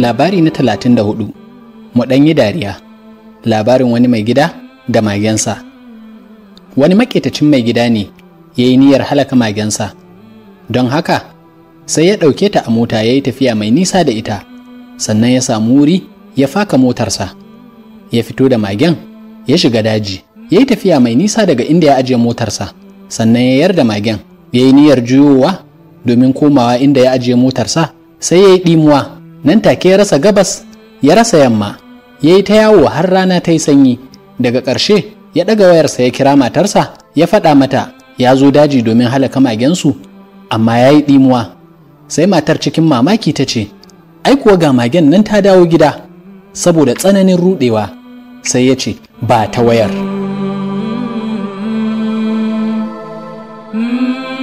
labari na talatin da hudu, mu yi dariya labarin wani mai gida da magensa wani maƙetacin mai gida ne ya yi niyyar halaka magensa don haka sai ya ɗauke ta a mota ya yi tafiya mai nisa da ita sannan ya samu wuri ya faka motarsa ya fito da magen ya shiga daji ya yi tafiya mai nisa daga inda ya ajiye motarsa sannan ya yarda magen ya yi niyyar juyowa domin komawa inda ya ajiye motarsa sai ya yi ɗimuwa nan take ya rasa gabas ya rasa yamma ya yi ta yawo har rana ta yi sanyi daga ƙarshe ya ɗaga wayarsa ya kira matarsa ya faɗa mata ya zo daji domin halaka magensu amma ya yi ɗimuwa sai matar cikin mamaki ta ce ai kuwa ga magen nan ta dawo gida saboda tsananin ruɗewa sai ya ce ba ta wayar. Mm-hmm.